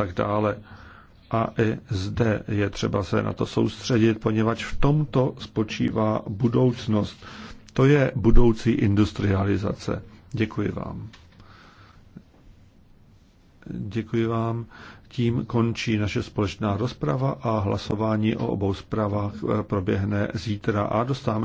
tak dále. A i zde je třeba se na to soustředit, poněvadž v tomto spočívá budoucnost. To je budoucí industrializace. Děkuji vám. Děkuji vám. Tím končí naše společná rozprava a hlasování o obou zprávách eh, proběhne zítra a dostáváme